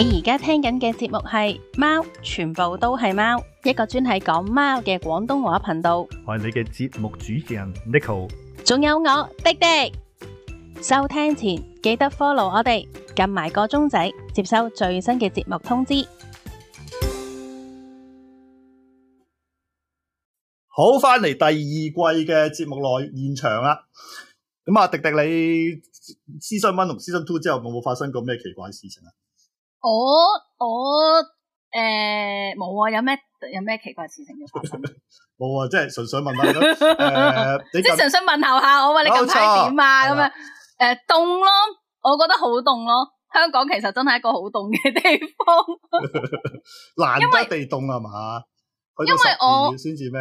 你而家聽緊嘅節目係貓，全部都係貓，一個專係講貓嘅廣東話頻道。我係你嘅節目主持人 Neko，仲有我廸廸。收聽前記得 follow 我哋，撳埋個鐘仔，接收最新嘅節目通知。好，翻嚟第二季嘅節目內現場啦。咁啊，廸廸，你 season one 同 season two 之後，有冇發生過咩奇怪事情啊？我我誒冇啊，有咩有咩奇怪事情要冇？冇啊， 即係純粹問問,問,問，誒、呃， 即係純粹問候下我，你近排點啊？咁樣誒凍、呃、咯，我覺得好凍咯，香港其實真係一個好凍嘅地方，難得地凍啊嘛？因為我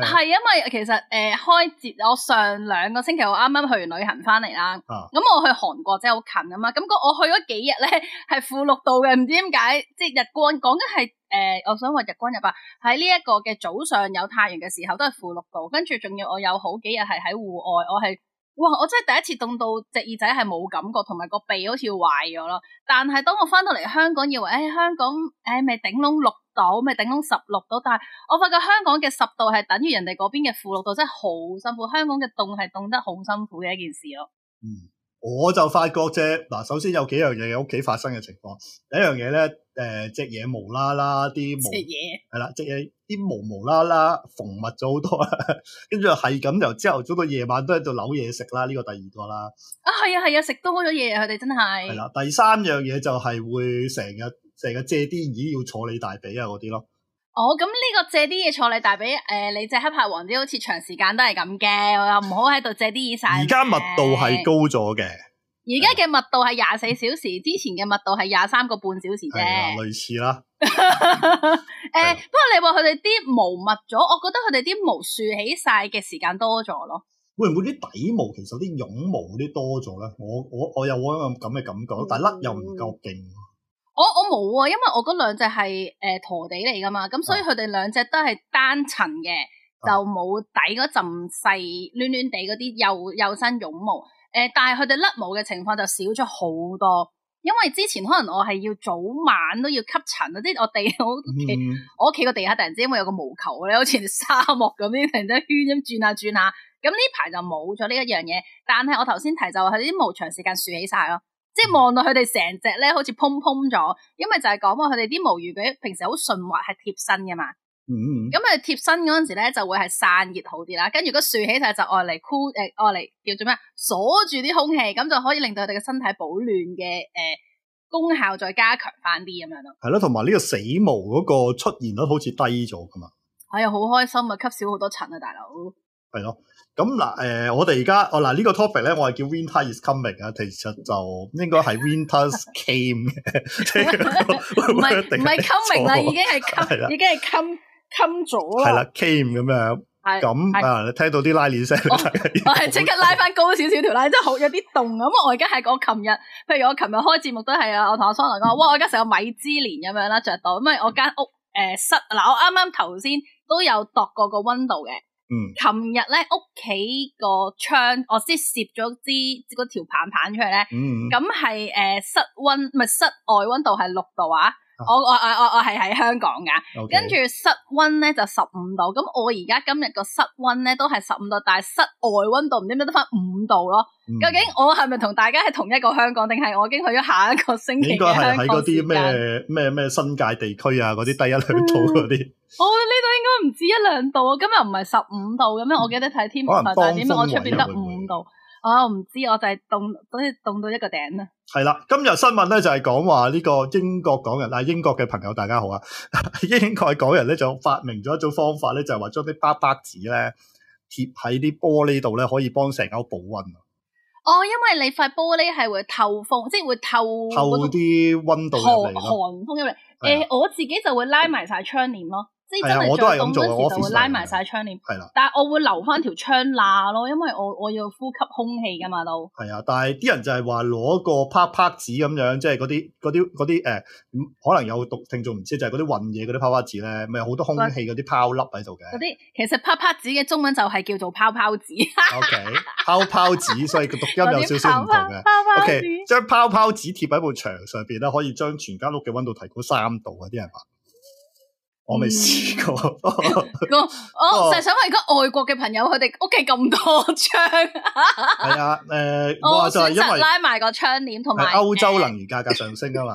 係 因為其實誒、呃、開節，我上兩個星期我啱啱去完旅行翻嚟啦。咁、啊、我去韓國真係好近啊嘛。咁我去咗幾日咧係負六度嘅，唔知點解即係日光講緊係誒，我想話日光日白。喺呢一個嘅早上有太陽嘅時候都係負六度，跟住仲要我有好幾日係喺戶外，我係哇！我真係第一次凍到隻耳仔係冇感覺，同埋個鼻好似壞咗咯。但係當我翻到嚟香港，以為誒、哎、香港誒咪、哎、頂籠六。度咪頂十六度，但係我發覺香港嘅十度係等於人哋嗰邊嘅負六度，真係好辛苦。香港嘅凍係凍得好辛苦嘅一件事咯。嗯，我就發覺啫，嗱，首先有幾樣嘢喺屋企發生嘅情況。第一樣嘢咧，誒、呃，隻嘢無啦啦啲毛，係啦，隻嘢啲毛無啦啦縫密咗好多，跟住係咁由朝頭早到夜晚都喺度扭嘢食啦。呢、呢個第二個啦。啊，係啊，係啊，食多咗嘢，佢哋真係。係啦、啊，第三樣嘢就係會成日。成日借啲意要坐你大髀啊，嗰啲咯。哦，咁呢個借啲意坐你大髀，誒、呃，你隻黑豹王啲好似長時間都係咁嘅，我又唔好喺度借啲意晒。而家密度係高咗嘅。而家嘅密度係廿四小時，嗯、之前嘅密度係廿三個半小時啫。係啊、嗯，類似啦。誒、 呃，的不過你話佢哋啲毛密咗，我覺得佢哋啲毛豎起晒嘅時間多咗咯。會唔會啲底毛其實啲絨毛啲多咗咧？我我我，我有個咁嘅感覺，但甩又唔夠勁。嗯我我冇啊，因為我嗰兩隻係、呃、陀地嚟噶嘛，咁所以佢哋兩隻都係單層嘅，啊、就冇底嗰浸細暖暖地嗰啲幼幼身絨毛。誒、呃，但係佢哋甩毛嘅情況就少咗好多，因為之前可能我係要早晚都要吸塵啊，即係、嗯、我哋我屋企我屋企個地下、嗯、突然之間因為有個毛球咧，好似沙漠咁樣突然之間圈咁轉下轉下，咁呢排就冇咗呢一樣嘢。但係我頭先提就係啲毛長時間豎起晒咯。即係望到佢哋成隻咧，好似蓬蓬咗，因為就係講話佢哋啲毛魚佢平時好順滑，係貼身嘅嘛。嗯嗯。咁佢貼身嗰陣時咧，就會係散熱好啲啦。跟住如果豎起晒就愛嚟 cool，誒，愛嚟叫做咩？鎖住啲空氣，咁就可以令到佢哋嘅身體保暖嘅誒、呃、功效再加強翻啲咁樣咯。係咯，同埋呢個死毛嗰個出現率好似低咗㗎嘛。哎啊，好開心啊，吸少好多塵啊，大佬。係咯，咁嗱，誒，我哋而家哦，嗱呢個 topic 咧，我係叫 Winter is coming 啊，其實就應該係 Winter's came 嘅，唔係唔係 coming 啦，已經係 come，已經係 come come 咗啦，係啦 came 咁樣，係咁啊，聽到啲拉鏈聲，我係即刻拉翻高少少條拉鏈，真係好有啲凍啊，咁我而家係個琴日，譬如我琴日開節目都係啊，我同阿桑拿講，哇，我而家成個米芝蓮咁樣啦，着到，咁啊我間屋誒室，嗱我啱啱頭先都有度過個温度嘅。嗯、琴日咧屋企個窗，我先攝咗支嗰條棒棒出嚟咧，咁係誒室溫，唔係室外溫度係六度啊。我我我我我係喺香港噶，跟住 Okay. 室溫咧就十五度，咁我而家今日個室溫咧都係十五度，但係室外溫度唔知點解得翻五度咯。嗯、究竟我係咪同大家係同一個香港，定係我已經去咗下一個星期？應該係喺嗰啲咩咩咩新界地區啊，嗰啲低一兩度嗰啲，嗯。我呢度應該唔止一兩度啊！今日唔係十五度咁樣，我記得睇天文台，但係點解我出邊得五度？會我唔、哦、知，我就係凍，好似凍到一個頂啦。係啦，今日新聞咧就係講話呢個英國港人，嗱，英國嘅朋友大家好啊。英國港 人咧就發明咗一種方法咧，就係話將啲巴巴紙咧貼喺啲玻璃度咧，可以幫成間保溫。哦，因為你塊玻璃係會透風，即係會透。透啲溫度入嚟咯，寒風入嚟。誒、哎呀呃，我自己就會拉埋晒窗簾咯。係啊，我都係咁做嘅，我會拉埋晒窗簾。係啦的，但係我會留翻條窗罅咯，因為我我要呼吸空氣噶嘛都。係啊，但係啲人就係話攞個啪啪紙咁樣，即係嗰啲嗰啲嗰啲誒，可能有讀聽眾唔知，就係嗰啲混嘢嗰啲啪啪紙咧，咪好多空氣嗰啲泡粒喺度嘅。嗰啲其實啪啪紙嘅中文就係叫做泡泡紙。O K. 泡泡紙，所以個讀音有少少唔同嘅。O K. 將泡泡紙貼喺部牆上邊咧，可以將全間屋嘅溫度提高三度啊！啲人話。我未試過 ，我就係想問而家外國嘅朋友，佢哋屋企咁多窗 ，係啊，誒、呃，我就係因為拉埋個窗簾，同埋歐洲能源價格上升啊嘛，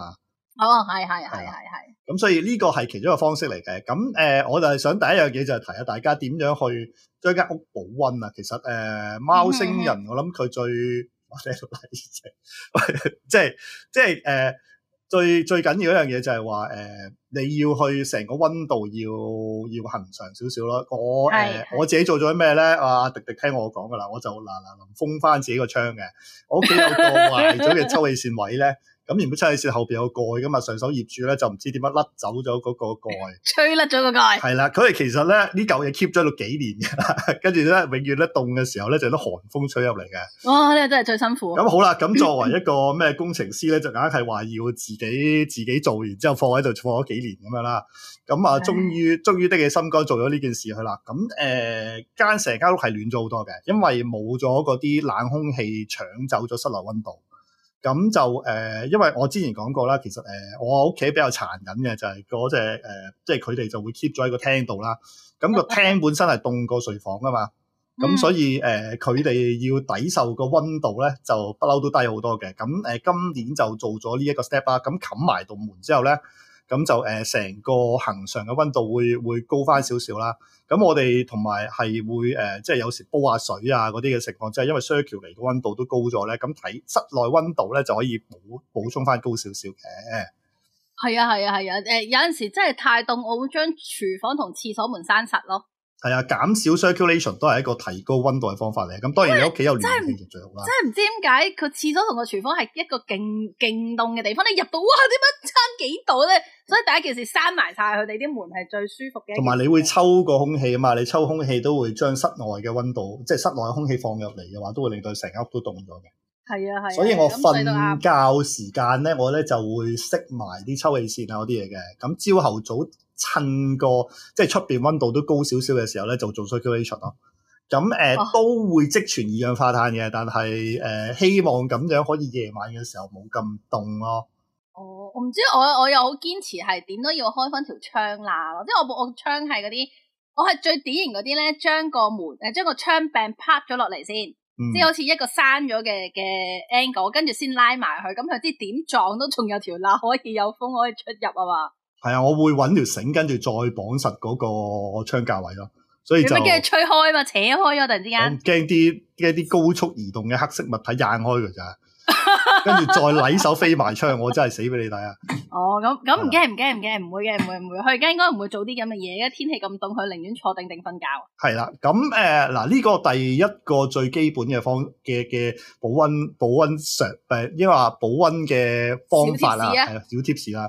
哦，係係係係係，咁、啊、所以呢個係其中一個方式嚟嘅，咁誒、呃，我就係想第一樣嘢就係提下大家點樣去將間屋保溫啊，其實誒，貓、呃、星人我，我諗佢最我哋嚟嘅，即係即係誒。呃最最緊要一樣嘢就係、是、話，誒、呃、你要去成個溫度要要恆常少少咯。我誒、呃、我自己做咗咩咧？阿廸廸聽我講噶啦，我就嗱嗱臨封翻自己個窗嘅，我屋企有個壞咗嘅抽氣扇位咧。 咁原本七號線後邊有個蓋，咁啊上手業主咧就唔知點解甩走咗嗰個蓋，吹甩咗個蓋。係啦，佢哋其實咧呢舊嘢 keep 咗到幾年嘅，跟住咧永遠咧凍嘅時候咧就啲寒風吹入嚟嘅。哇、哦，呢個真係最辛苦。咁好啦，咁作為一個咩工程師咧， 就硬係話要自己自己做，然之後放喺度放咗幾年咁樣啦。咁啊，終於終於的起心肝做咗呢件事去啦。咁誒間成間屋係暖咗好多嘅，因為冇咗嗰啲冷空氣搶走咗室內溫度。咁就誒、呃，因為我之前講過啦，其實誒、呃、我屋企比較殘忍嘅就係嗰隻，即係佢哋就會 keep 咗喺個廳度啦。咁個廳本身係凍過睡房吖嘛，咁所以誒佢哋要抵受個温度咧就不嬲都低好多嘅。咁誒、呃、今年就做咗呢一個 step 啦。咁冚埋度門之後咧。咁就誒，成、呃、個恆常嘅温度會會高翻少少啦。咁我哋同埋係會誒、呃，即係有時煲下水啊嗰啲嘅情況，即係因為 shower 嚟嘅温度都高咗咧。咁睇室內温度咧，就可以補補充翻高少少嘅。係啊，係啊，係啊。誒，有陣時真係太凍，我會將廚房同廁所門閂實咯。係啊，減少 circulation 都係一個提高温度嘅方法嚟。咁當然你屋企有暖氣是就最好啦。即係唔知點解佢廁所同個廚房係一個勁勁凍嘅地方，你入到哇，點解差幾度咧？所以第一件事閂埋晒佢哋啲門係最舒服嘅。同埋你會抽個空氣啊嘛，你抽空氣都會將室外嘅温度，即係室外嘅空氣放入嚟嘅話，都會令到成間屋都凍咗嘅。係啊，係啊。所以我瞓覺時間咧，我咧就會熄埋啲抽氣扇啊嗰啲嘢嘅。咁朝頭早。趁個即係出邊温度都高少少嘅時候咧，就做 some circulation 咯。咁誒、呃哦、都會積存二氧化碳嘅，但係誒、呃、希望咁樣可以夜晚嘅時候冇咁凍咯。哦，我唔知我我又好堅持係點都要開翻條窗罅咯，即係我我，我窗係嗰啲，我係最典型嗰啲咧，將個門誒將個窗柄擗咗落嚟先，嗯、即係好似一個閂咗嘅嘅 angle，跟住先拉埋佢，咁佢知點撞都仲有條罅可以有風可以出入啊嘛。係啊，我會揾條繩，跟住再綁實嗰個窗架位咯，所以就驚吹開啊嘛，扯開咗突然之間。我驚啲驚啲高速移動嘅黑色物體硬開㗎咋，跟住再禮手飛埋出去，我真係死俾你睇啊！哦，咁咁唔驚唔驚唔驚，唔會嘅唔會唔會，佢應該唔會做啲咁嘅嘢。因為天氣咁凍，佢寧願坐定定瞓覺。係啦，咁誒嗱呢個第一個最基本嘅方嘅嘅保溫保溫上誒，應該話保溫嘅方法啦，係啊，小貼士啦。